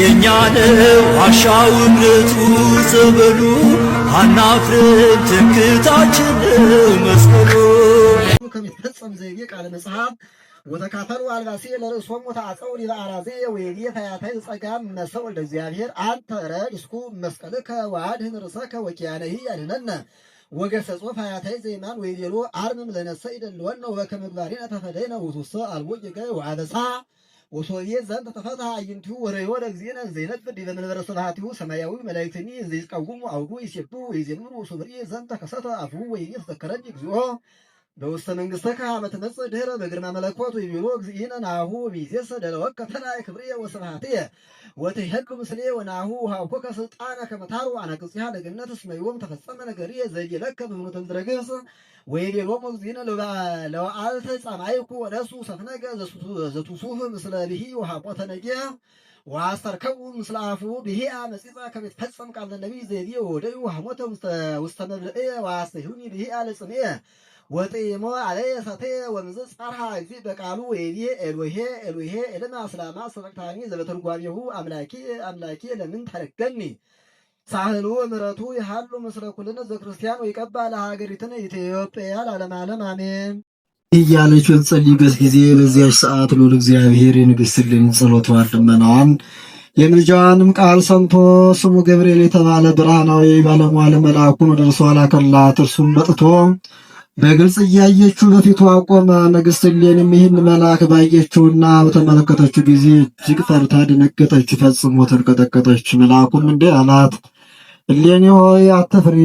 የእኛ ነው አሻው እምነቱ ጸበሉ አናፍርም ትምክህታችን መስቀሉ። ከሚፈጸም ዘይቤ ቃለ መጽሐፍ ወተካፈሉ አልባሴ ለርእሶሙ ተአጽኡ ዲበ አራዜ ወይቤ ፈያታዊ ጸጋም መሰል ወልደ እግዚአብሔር አንተ ረድ እስኩ መስቀልከ ወአድኅን ርእሰከ ወኪያነሂ ያድኅነነ ወገሰጾ ፈያታዊ ዘይማን ወይቤሎ አርምም ለነሰ ይደልወነ ወበከመ ምግባሬነ ተፈደይነ ውእቱ አልቦ ጌጋየ ወዐበሳ ወሶብየ ዘንተ ተፈትሐ ይንቲሁ ወርእዮ ለእግዚእነ ዘይነፍድ በመንበረ ስብሐቲሁ ሰማያዊ መላእክትኒ ዘይቀውሙ አውዱ ይሴብሑ ወይዜምሩ ወሶብየ ዘንተ ከሰተ አፉ ወይቤ ተዘከረኒ እግዚኦ በውስተ መንግሥተከ በትመጽእ ድህረ በግርማ መለኮቱ ይቢሉ እግዚእነ ናሁ ሚዜሰ ደለወከ ተራእየ ክብርየ ወስብሐትየ ወትሄዱ ምስሌየ ወናሁ ወሃብኩከ ሥልጣነ ከመ ታሩ አናቅጽሃ ለገነት እስመ ዮም ተፈጸመ ነገርየ ዘዲለከ በፍኖተ ምድረ ግብጽ ወይቤሎሙ እግዚእነ ለወአልተ ጻማዕኩ ወደሱ ሰፍነገ ዘትሱፍ ምስለ ብሂ ወሃቆተ ነጌህ ወአስተርከቡ ምስለ አፉ ብሂአ መጺጻ ከመ ይትፈጸም ቃለ ነቢይ ዘይቤ ወወደዩ ወሐሞተ ውስተ መብልዕየ ወአስተይሁኒ ብሂአ ለጽምዕየ ወጥሞ አለ የሰተ ወንዝ ጸርሃ ጊዜ በቃሉ ወይቤ ኤሎሄ ኤሎሄ ኤልማ ስላማ ሰበቅታኒ ዘበተርጓሜሁ አምላኪ አምላኪ ለምን ታረገኒ ሳህሉ ምረቱ ይሃሉ ምስለ ኩልነ ዘክርስቲያን ወይቀባለ ለሀገሪትን ኢትዮጵያ ለዓለም ዓለም አሜን እያለች በተጸልይበት ጊዜ በዚያች ሰዓት ሉል እግዚአብሔር የንግሥት ልን ጸሎቷን ልመናዋን የምልጃዋንም ቃል ሰምቶ ስሙ ገብርኤል የተባለ ብርሃናዊ ባለሟል መልአኩን ወደ እርሷ ላከላት። እርሱም መጥቶ በግልጽ እያየችው በፊቱ አቆመ። ንግሥት እሌኒም ይህን መልአክ ባየችውና በተመለከተችው ጊዜ እጅግ ፈርታ ደነገጠች፣ ፈጽሞ ተንቀጠቀጠች። መልአኩም እንዲህ አላት እሌኒ ሆይ አትፍሪ፣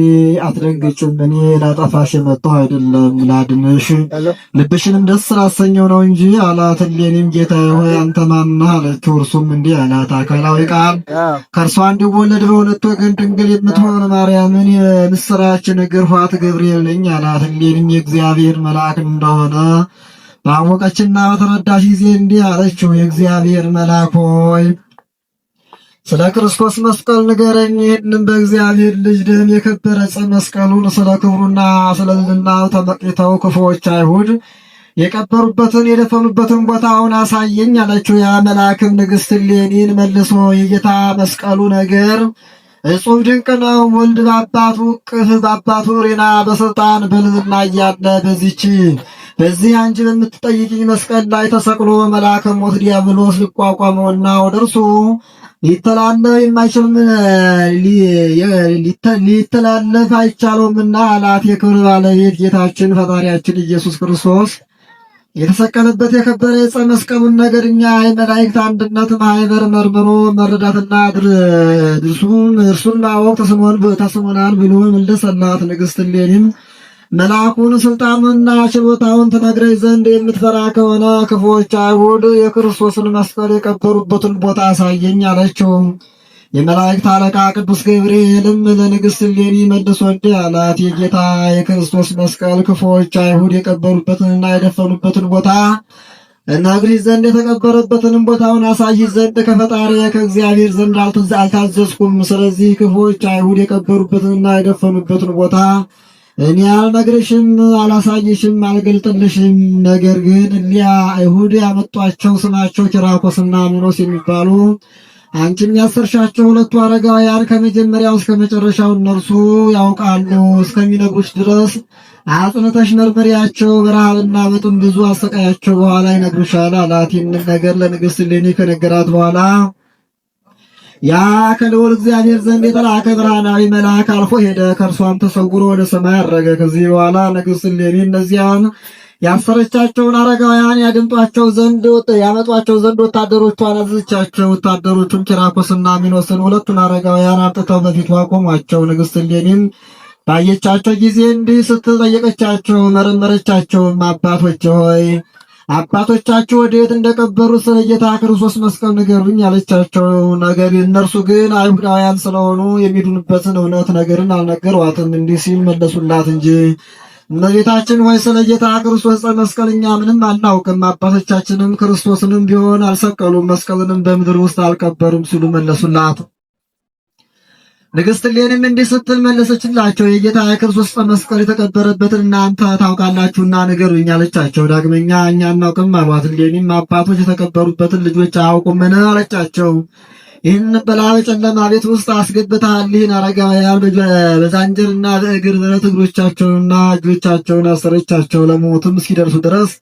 አትደንግጭም። እኔ ላጠፋሽ የመጣሁ አይደለም፣ ላድንሽ፣ ልብሽንም ደስ ላሰኘው ነው እንጂ አላት። እሌኒም ጌታዬ ሆይ አንተ ማነህ አለች። እርሱም እንዲህ አላት፣ አካላዊ ቃል ከእርሷ እንዲወለድ በእውነት ወገን ድንግል የምትሆን ማርያምን የምስራች ነገርኋት፣ ገብርኤል ነኝ አላት። እሌኒም የእግዚአብሔር መልአክ እንደሆነ ባወቀችና በተረዳሽ ጊዜ እንዲህ አለችው፣ የእግዚአብሔር መልአክ ሆይ ስለ ክርስቶስ መስቀል ንገረኝ። ይህንም በእግዚአብሔር ልጅ ደም የከበረ ዕፀ መስቀሉን ስለ ክብሩና ስለ ልዕልናው ተመቅኝተው ክፉዎች አይሁድ የቀበሩበትን የደፈኑበትን ቦታውን አሳየኝ አለችው። ያ መልአክም ንግሥት እሌኒን መልሶ የጌታ መስቀሉ ነገር እጹብ ድንቅ ነው። ወልድ በአባቱ ቅፍ በአባቱ ሬና በስልጣን በልዝና እያለ በዚች በዚህ አንቺ በምትጠይቅኝ መስቀል ላይ ተሰቅሎ መልአከ ሞት ዲያብሎስ ሊቋቋመውና ወደ እርሱ ሊተላለፍ የማይችልም ሊተላለፍ አይቻለውምና አላት የክብር ባለቤት ጌታችን ፈጣሪያችን ኢየሱስ ክርስቶስ የተሰቀለበት የከበረ ዕፀ መስቀሉን ነገር እኛ የመላእክት አንድነት ማህበር መርምሮ መረዳትና ድርሱን እርሱን ማወቅ ተስሞናል ብሎ መለሰላት ንግሥት እሌኒም መልአኩን ስልጣንና ችሎታውን ትነግረኝ ዘንድ የምትፈራ ከሆነ ክፉዎች አይሁድ የክርስቶስን መስቀል የቀበሩበትን ቦታ አሳየኝ አለችው። የመላእክት አለቃ ቅዱስ ገብርኤልም ለንግሥት እሌኒ መልሶ እንዲህ አላት፣ የጌታ የክርስቶስ መስቀል ክፉዎች አይሁድ የቀበሩበትንና የደፈኑበትን ቦታ እነግርሽ ዘንድ የተቀበረበትንም ቦታውን አሳይ ዘንድ ከፈጣሪ ከእግዚአብሔር ዘንድ አልታዘዝኩም። ስለዚህ ክፉዎች አይሁድ የቀበሩበትንና የደፈኑበትን ቦታ እኔ አልነግርሽም፣ አላሳይሽም፣ አልገልጥልሽም። ነገር ግን እኒያ አይሁድ ያመጧቸው ስማቸው ኪራኮስና ሚኖስ የሚባሉ አንቺም ያሰርሻቸው ሁለቱ አረጋውያን ከመጀመሪያው እስከ መጨረሻው እነርሱ ያውቃሉ። እስከሚነግሩሽ ድረስ አጽንተሽ መርምሪያቸው፣ በረሃብና በጥም ብዙ አሰቃያቸው፣ በኋላ ይነግሩሻል አላት። ይህንን ነገር ለንግሥት እሌኒ ከነገራት በኋላ ያ ከልዑል እግዚአብሔር ዘንድ የተላከ ብርሃናዊ መልአክ አልፎ ሄደ፣ ከእርሷም ተሰውሮ ወደ ሰማይ አረገ። ከዚህ በኋላ ንግሥት እሌኒ እነዚያን ያሰረቻቸውን አረጋውያን ያድምጧቸው ዘንድ ያመጧቸው ዘንድ ወታደሮቿን አዘዘቻቸው። ወታደሮቹም ኪራኮስና ሚኖስን ሁለቱን አረጋውያን አምጥተው በፊቷ አቆሟቸው። ንግሥት እሌኒም ባየቻቸው ጊዜ እንዲህ ስትጠየቀቻቸው መረመረቻቸውም አባቶች ሆይ አባቶቻችሁ ወዴት እንደቀበሩት ስለ ጌታ ክርስቶስ መስቀል ንገሩኝ ያለቻቸው፣ ነገር እነርሱ ግን አይሁዳውያን ስለሆኑ የሚድኑበትን እውነት ነገርን አልነገሯትም። እንዲህ ሲል መለሱላት እንጂ እመቤታችን ሆይ ስለ ጌታ ክርስቶስ መስቀል እኛ ምንም አናውቅም፣ አባቶቻችንም ክርስቶስንም ቢሆን አልሰቀሉም፣ መስቀልንም በምድር ውስጥ አልቀበሩም ሲሉ መለሱላት። ንግሥት ሌንም እንዲህ ስትል መለሰችላቸው፣ የጌታ የክርስቶስ መስቀል የተቀበረበትን እናንተ ታውቃላችሁና ንገሩኝ አለቻቸው። ዳግመኛ እኛ አናውቅም አሏት። ሌኒም አባቶች የተቀበሩበትን ልጆች አያውቁምን አለቻቸው። ይህን በላ በጨለማ ቤት ውስጥ አስገብተሃል። ይህን አረጋውያን በዛንጀርና በእግር ብረት እግሮቻቸውንና እጆቻቸውን አሰረቻቸው። ለሞትም እስኪደርሱ ድረስ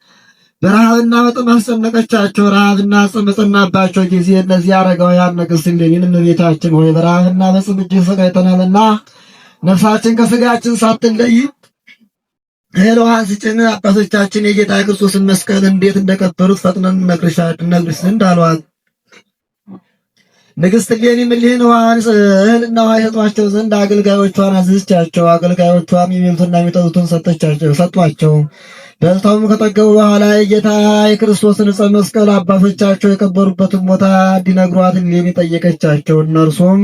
በረሃብና በጥም አስጨነቀቻቸው። ረሃብና ጽም በጸናባቸው ጊዜ እነዚህ አረጋውያን ንግሥት እሌኒን እመቤታችን ሆይ በረሃብና በጽም እጅግ ሰቃይተናልና ነፍሳችን ከስጋችን ሳትለይ እህል ውሃን ስጭን። አባቶቻችን የጌታ ክርስቶስን መስቀል እንዴት እንደቀበሩት ፈጥነን እነግርሽ ዘንድ አሏት። ንግሥት እሌኒም እሊህን ውሃን እህልና ውሃ የሰጧቸው ዘንድ አገልጋዮቿን አዘዘቻቸው። አገልጋዮቿም የሚበሉትና የሚጠጡትን ሰጧቸው። በልተውም ከጠገቡ በኋላ የጌታ የክርስቶስን ዕፀ መስቀል አባቶቻቸው የቀበሩበትን ቦታ እንዲነግሯት እሌኒ ጠየቀቻቸው። እነርሱም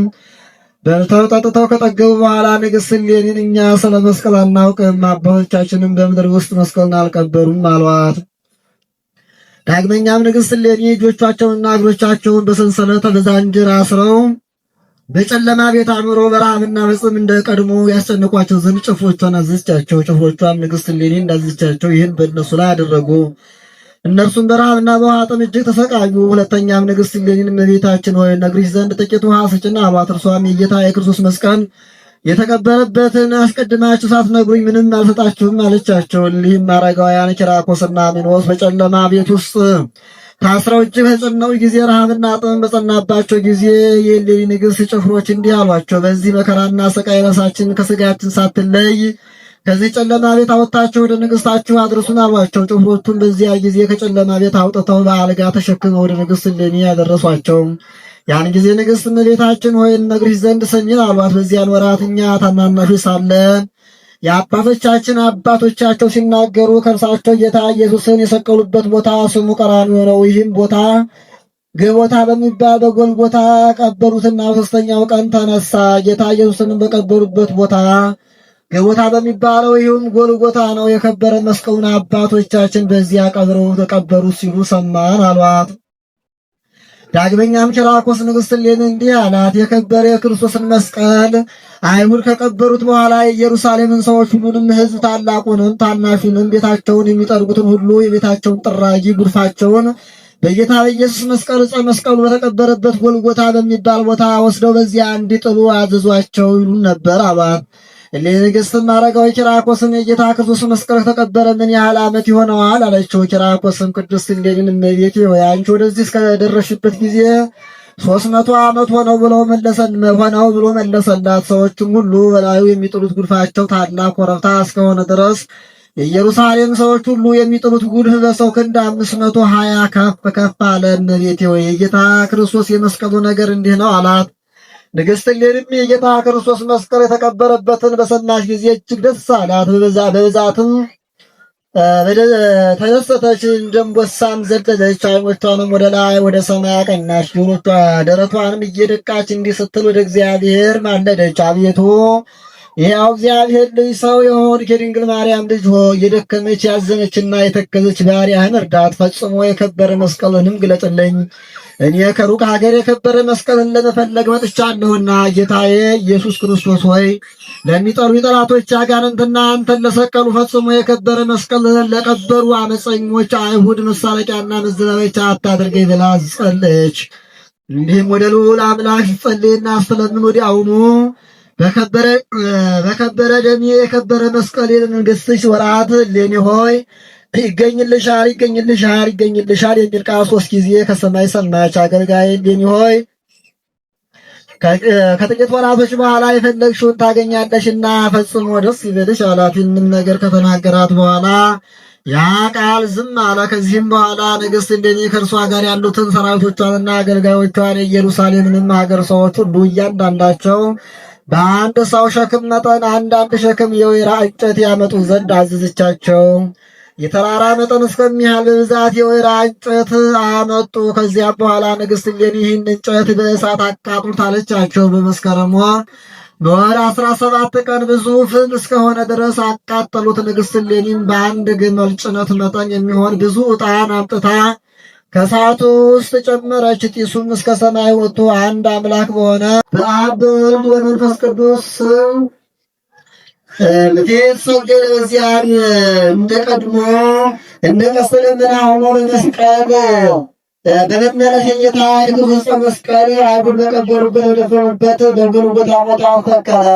በልተው ጠጥተው ከጠገቡ በኋላ ንግሥት እሌኒን እኛ ስለ መስቀል አናውቅም፣ አባቶቻችንም በምድር ውስጥ መስቀልን አልቀበሩም አሏት። ዳግመኛም ንግሥት እሌኒ እጆቻቸውንና እግሮቻቸውን በሰንሰለት በዛንጅር አስረው በጨለማ ቤት አኑሮ በረሃብና በጽም እንደ ቀድሞ ያስጨንቋቸው ዘንድ ጭፍሮቿን አዘዘቻቸው። ጭፍሮቿም ንግሥት እሌኒ እንዳዘዝቻቸው ይህን በእነሱ ላይ አደረጉ። እነርሱም በረሃብና በውሃ ጥም እጅግ ተሰቃዩ። ሁለተኛም ንግሥት እሌኒን እመቤታችን ሆይ ነግሪሽ ዘንድ ጥቂት ውሃ ስጭና አሏት። እርሷም የጌታ የክርስቶስ መስቀል የተቀበረበትን አስቀድማችሁ ሳትነግሩኝ ምንም አልሰጣችሁም አለቻቸው። እሊህም አረጋውያን ኪራኮስና ሚኖስ በጨለማ ቤት ውስጥ ከአስራ ውጭ በጽናው ጊዜ ረሃብና ጥም በጸናባቸው ጊዜ የሌሊ ንግሥት ጭፍሮች እንዲህ አሏቸው፣ በዚህ መከራና ስቃይ ራሳችን ከስጋያችን ሳትለይ ከዚህ ጨለማ ቤት አወጣችሁ ወደ ንግሥታችሁ አድርሱን አሏቸው። ጭፍሮቹን በዚያ ጊዜ ከጨለማ ቤት አውጥተው በአልጋ ተሸክመው ወደ ንግሥት እሌኒ ያደረሷቸው። ያን ጊዜ ንግሥት እመቤታችን ሆይ እነግርሽ ዘንድ ሰኝን አሏት። በዚያን ወራት እኛ ታናናሾች ሳለን የአባቶቻችን አባቶቻቸው ሲናገሩ ከእርሳቸው ጌታ ኢየሱስን የሰቀሉበት ቦታ ስሙ ቀራንዮ ነው። ይህም ቦታ ገቦታ በሚባል በጎልጎታ ቀበሩትና በሦስተኛው ቀን ተነሳ። ጌታ ኢየሱስንም በቀበሩበት ቦታ ገቦታ በሚባለው ይህም ጎልጎታ ነው። የከበረ መስቀሉን አባቶቻችን በዚያ ቀብረው ተቀበሩ ሲሉ ሰማን አሏት። ዳግመኛም ኪራኮስ ንግሥት እሌኒ እንዲህ አላት፣ የከበረ የክርስቶስን መስቀል አይሁድ ከቀበሩት በኋላ የኢየሩሳሌምን ሰዎች ሁሉንም ሕዝብ ታላቁንም ታናሹንም ቤታቸውን የሚጠርጉትን ሁሉ የቤታቸውን ጥራጊ ጉድፋቸውን በጌታ በኢየሱስ መስቀል ዕፀ መስቀሉ በተቀበረበት ጎልጎታ በሚባል ቦታ ወስደው በዚያ እንዲጥሉ አዘዟቸው ይሉን ነበር አሏት። ንግሥትም አረጋዊ ኪራኮስን የጌታ ክርስቶስ መስቀል ተቀበረ ምን ያህል ዓመት ይሆነዋል አለችው። ኪራኮስም ቅዱስ እሌኒን እመቤቴ ሆይ አንቺ ወደዚህ እስከደረሽበት ጊዜ ሶስት መቶ ዓመት ሆነው መለሰን ሆነው ብሎ መለሰላት። ሰዎችም ሁሉ በላዩ የሚጥሉት ጉድፋቸው ታላቅ ኮረብታ እስከሆነ ድረስ የኢየሩሳሌም ሰዎች ሁሉ የሚጥሉት ጉድፍ በሰው ክንድ አምስት መቶ ሀያ ከፍ ከፍ አለ። እመቤቴ ሆይ የጌታ ክርስቶስ የመስቀሉ ነገር እንዲህ ነው አላት። ንግሥት እሌኒም የጌታ ክርስቶስ መስቀል የተቀበረበትን በሰማች ጊዜ እጅግ ደስ አላት። በብዛትም ተደሰተች፣ ደንቦሳም ዘለለች። ዓይኖቿንም ወደ ላይ ወደ ሰማይ አቀናች፣ ደረቷንም እየደቃች እንዲህ ስትል ወደ እግዚአብሔር ማለደች። አቤቱ ያው እግዚአብሔር ልጅ ሰው የሆንክ የድንግል ማርያም ልጅ ሆ የደከመች ያዘነችና የተከዘች ባሪያህን እርዳት፣ ፈጽሞ የከበረ መስቀልንም ግለጥልኝ እኔ ከሩቅ ሀገር የከበረ መስቀልን ለመፈለግ መጥቻለሁና ጌታዬ ኢየሱስ ክርስቶስ ሆይ ለሚጠሩ የጠላቶች አጋንንትና አንተን ለሰቀሉ ፈጽሞ የከበረ መስቀል ለቀበሩ አመፀኞች አይሁድ መሳለቂያና መዘባበቻ አታድርገኝ ብላ ጸለየች። እንዲህም ወደ ልዑል አምላክ ስትጸልይና ስትለምን ወዲያውኑ በከበረ ደሜ የከበረ መስቀል የመንግሥትሽ ወራት ለኔ ሆይ ይገኝልሻል ይገኝልሻል ይገኝልሻል የሚል ቃል ሶስት ጊዜ ከሰማይ ሰማች። አገልጋይ ሌኒ ሆይ ከጥቂት ወራቶች በኋላ የፈለግሽውን ታገኛለሽና ፈጽሞ ደስ ይበልሽ አላት። ይህንም ነገር ከተናገራት በኋላ ያ ቃል ዝም አለ። ከዚህም በኋላ ንግስት እንደኔ ከእርሷ ጋር ያሉትን ሰራዊቶቿንና አገልጋዮቿን የኢየሩሳሌምንም ሀገር ሰዎች ሁሉ እያንዳንዳቸው በአንድ ሰው ሸክም መጠን አንዳንድ ሸክም የወይራ እንጨት ያመጡ ዘንድ አዘዘቻቸው። የተራራ መጠን እስከሚያህል ብዛት የወይራ እንጨት አመጡ። ከዚያ በኋላ ንግሥት እሌኒ ይህን እንጨት በእሳት አቃጥሉት አለቻቸው። በመስከረሟ በወር አስራ ሰባት ቀን ብዙ ፍም እስከሆነ ድረስ አቃጠሉት። ንግሥት እሌኒም በአንድ ግመል ጭነት መጠን የሚሆን ብዙ ዕጣን አምጥታ ከሰዓቱ ውስጥ ጨመረች። ጢሱም እስከ ሰማይ ወጥቶ አንድ አምላክ በሆነ በአብ በወልድ በመንፈስ ቅዱስ ስም ቤት ሰውጀል በዚያን እንደ ቀድሞ እንደ ቀስተ ደመና ሆኖ በመስቀል በመመለስ የጌታ የክርስቶስ መስቀል አይሁድ በቀበሩበት በደፈኑበት በግሩ ቦታ ተከለ።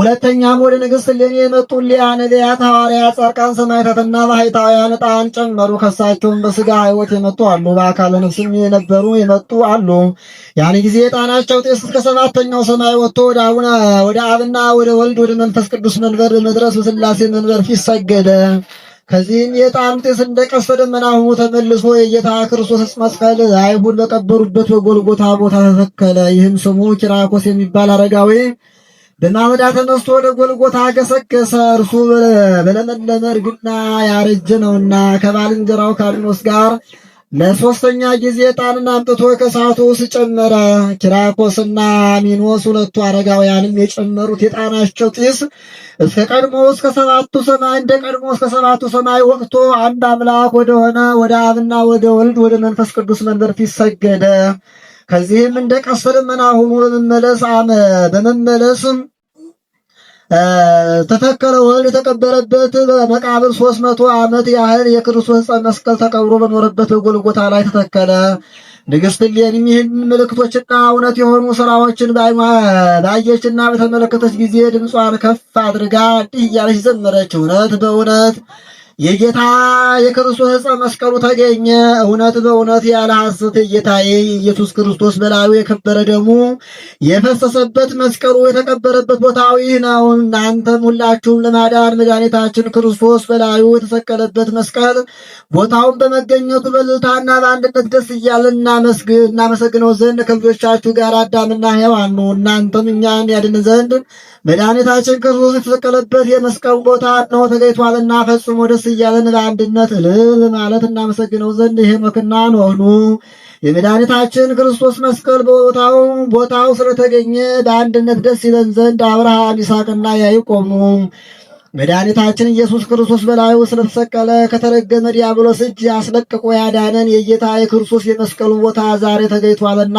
ሁለተኛም ወደ ንግሥት እሌኒ የመጡ እሊያ ነቢያት፣ ሐዋርያት፣ ጻድቃን፣ ሰማዕታትና ባሕታውያን ዕጣን ጨመሩ። ከሳቸውም በሥጋ ሕይወት የመጡ አሉ፣ በአካለ ነፍስም የነበሩ የመጡ አሉ። ያን ጊዜ ዕጣናቸው ጤስ እስከ ሰባተኛው ሰማይ ወጥቶ ወደ አብና ወደ ወልድ ወደ መንፈስ ቅዱስ መንበር በመድረስ በሥላሴ መንበር ፊት ሰገደ። ከዚህም የዕጣኑ ጤስ እንደ ቀስተ ደመና ሆኖ ተመልሶ የጌታ ክርስቶስ መስቀል አይሁድ በቀበሩበት በጎልጎታ ቦታ ተተከለ። ይህም ስሙ ኪራኮስ የሚባል አረጋዊ በማወዳ ተነስቶ ወደ ጎልጎታ ገሰገሰ። እርሱ በለመለመ እርግና ያረጀ ነውና ከባልንጀራው ካርኖስ ጋር ለሶስተኛ ጊዜ ዕጣንን አምጥቶ ከሳቱ ውስጥ ጨመረ። ኪራኮስና ሚኖስ ሁለቱ አረጋውያንም የጨመሩት የጣናቸው ጢስ እስከ ቀድሞ እስከ ሰባቱ ሰማይ እንደ ቀድሞ እስከ ሰባቱ ሰማይ ወቅቶ አንድ አምላክ ወደሆነ ወደ አብና ወደ ወልድ ወደ መንፈስ ቅዱስ መንበር ፊት ሰገደ። ከዚህም እንደ ቀስተ ደመና ሆኖ በመመለስ አመ በመመለስም ተተከለ ወል የተቀበረበት በመቃብር 300 መቶ ዓመት ያህል የክርስቶስ ዕፀ መስቀል ተቀብሮ በኖረበት ጎልጎታ ላይ ተተከለ። ንግሥት እሌኒም ይህን ምልክቶችና እውነት የሆኑ ስራዎችን ባየችና በተመለከተች ጊዜ ድምጿን ከፍ አድርጋ እንዲህ እያለች ዘመረች፣ እውነት በእውነት የጌታ የክርስቶስ ዕፀ መስቀሉ ተገኘ። እውነት በእውነት ያለ ሐሰት የጌታዬ ኢየሱስ ክርስቶስ በላዩ የከበረ ደሙ የፈሰሰበት መስቀሉ የተቀበረበት ቦታው ይህ ነው። እናንተም ሁላችሁም ለማዳን መድኃኒታችን ክርስቶስ በላዩ የተሰቀለበት መስቀል ቦታውን በመገኘቱ በልልታና በአንድነት ደስ እያለን እናመሰግነው ዘንድ ከልጆቻችሁ ጋር አዳምና ሔዋን ነው። እናንተም እኛን ያድን ዘንድ መድኃኒታችን ክርስቶስ የተሰቀለበት የመስቀሉ ቦታ ነው ተገኝቷልና ፈጽሞ ደስ እያለን በአንድነት እልል ማለት እናመሰግነው ዘንድ ሄኖክና ኖኅኑ የመድኃኒታችን ክርስቶስ መስቀል በቦታው ቦታው ስለተገኘ በአንድነት ደስ ይለን ዘንድ አብርሃም ይስሐቅና ያዕቆብ መድኃኒታችን ኢየሱስ ክርስቶስ በላዩ ስለተሰቀለ ከተረገመ ዲያብሎስ እጅ አስለቅቆ ያዳነን የጌታ የክርስቶስ የመስቀሉ ቦታ ዛሬ ተገኝቷልና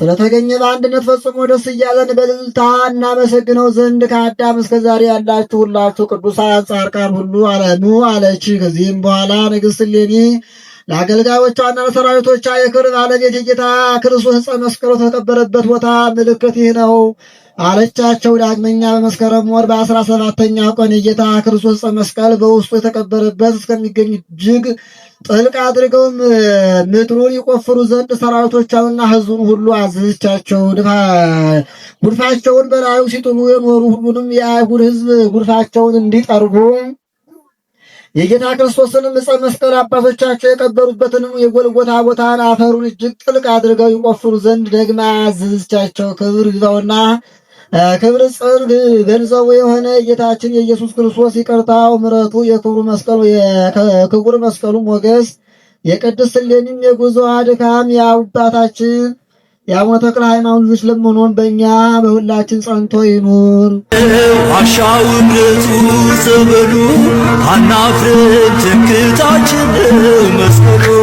ስለተገኘ በአንድነት ፈጽሞ ደስ እያለን በልልታ እናመሰግነው ዘንድ ከአዳም እስከዛሬ ያላችሁ ሁላችሁ ቅዱሳን ጻድቃን ሁሉ አለኑ አለች። ከዚህም በኋላ ንግሥት እሌኒ ለአገልጋዮቿና ለሰራዊቶቿ የክብር ባለቤት የጌታ ክርስቶስ ዕፀ መስቀሉ ተቀበረበት ቦታ ምልክት ይህ ነው አለቻቸው። ዳግመኛ በመስከረም ወር በአስራ ሰባተኛ ቀን የጌታ ክርስቶስ ዕፀ መስቀል በውስጡ የተቀበረበት እስከሚገኝ እጅግ ጥልቅ አድርገው ምድሩን ይቆፍሩ ዘንድ ሰራዊቶቻውንና ሕዝቡን ሁሉ አዘዘቻቸው። ጉድፋቸውን በላዩ ሲጥሉ የኖሩ ሁሉንም የአይሁድ ሕዝብ ጉድፋቸውን እንዲጠርጉ የጌታ ክርስቶስን ዕፀ መስቀል አባቶቻቸው የቀበሩበትንም የጎልጎታ ቦታን አፈሩን እጅግ ጥልቅ አድርገው ይቆፍሩ ዘንድ ደግማ ያዘዘቻቸው ክብር ይዘውና ክብር ጽርግ ገንዘቡ የሆነ ጌታችን የኢየሱስ ክርስቶስ ይቅርታው ምረቱ የክቡር መስቀሉ የክቡር መስቀሉ ሞገስ የቅድስት ሌኒም የጉዞ አድካም የአባታችን የአቡነ ተክለ ሃይማኖት ልጅ ለመሆን በእኛ በሁላችን ጸንቶ ይኑር። አሻው ምረቱ ዘመኑ አናፍረን ትምክህታችን መስቀሉ